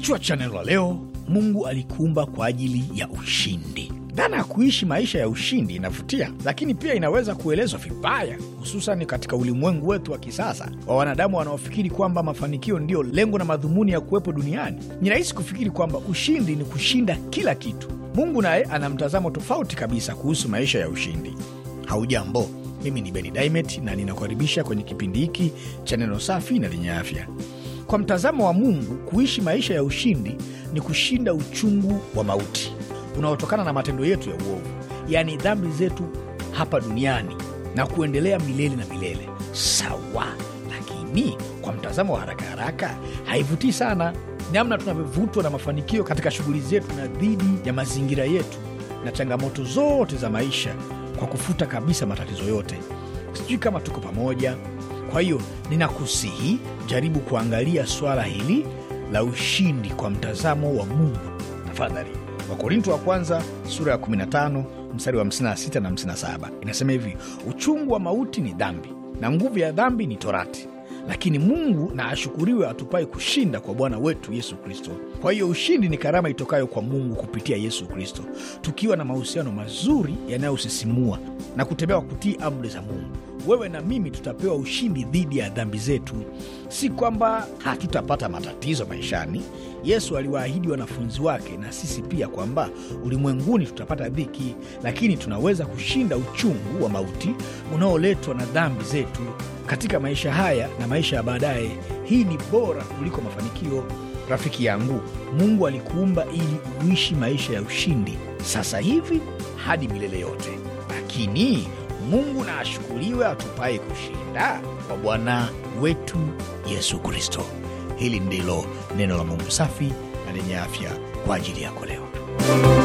Kichwa cha neno la leo: Mungu alikuumba kwa ajili ya ushindi. Dhana ya kuishi maisha ya ushindi inavutia, lakini pia inaweza kuelezwa vibaya, hususan katika ulimwengu wetu wa kisasa wa wanadamu wanaofikiri kwamba mafanikio ndiyo lengo na madhumuni ya kuwepo duniani. Ni rahisi kufikiri kwamba ushindi ni kushinda kila kitu. Mungu naye ana mtazamo tofauti kabisa kuhusu maisha ya ushindi. Haujambo, mimi ni Beni na ninakukaribisha kwenye kipindi hiki cha neno safi na lenye afya. Kwa mtazamo wa Mungu, kuishi maisha ya ushindi ni kushinda uchungu wa mauti unaotokana na matendo yetu ya uovu, yaani dhambi zetu hapa duniani na kuendelea milele na milele. Sawa, lakini kwa mtazamo wa haraka haraka haivutii sana namna tunavyovutwa na mafanikio katika shughuli zetu na dhidi ya mazingira yetu na changamoto zote za maisha, kwa kufuta kabisa matatizo yote. Sijui kama tuko pamoja. Kwa hiyo ninakusihi, jaribu kuangalia swala hili la ushindi kwa mtazamo wa Mungu tafadhali. Wakorinto wa kwanza sura ya 15 mstari wa 56 na 57 inasema hivi: uchungu wa mauti ni dhambi na nguvu ya dhambi ni torati, lakini Mungu na ashukuriwe atupai kushinda kwa Bwana wetu Yesu Kristo. Kwa hiyo ushindi ni karama itokayo kwa Mungu kupitia Yesu Kristo, tukiwa na mahusiano mazuri yanayosisimua na kutembea kutii amri za Mungu wewe na mimi tutapewa ushindi dhidi ya dhambi zetu. Si kwamba hatutapata matatizo maishani. Yesu aliwaahidi wanafunzi wake na sisi pia kwamba ulimwenguni tutapata dhiki, lakini tunaweza kushinda uchungu wa mauti unaoletwa na dhambi zetu katika maisha haya na maisha ya baadaye. Hii ni bora kuliko mafanikio. Rafiki yangu, Mungu alikuumba ili uishi maisha ya ushindi sasa hivi hadi milele yote, lakini Mungu na ashukuliwe atupaye kushinda kwa Bwana wetu Yesu Kristo. Hili ndilo neno la Mungu safi na lenye afya kwa ajili yako leo.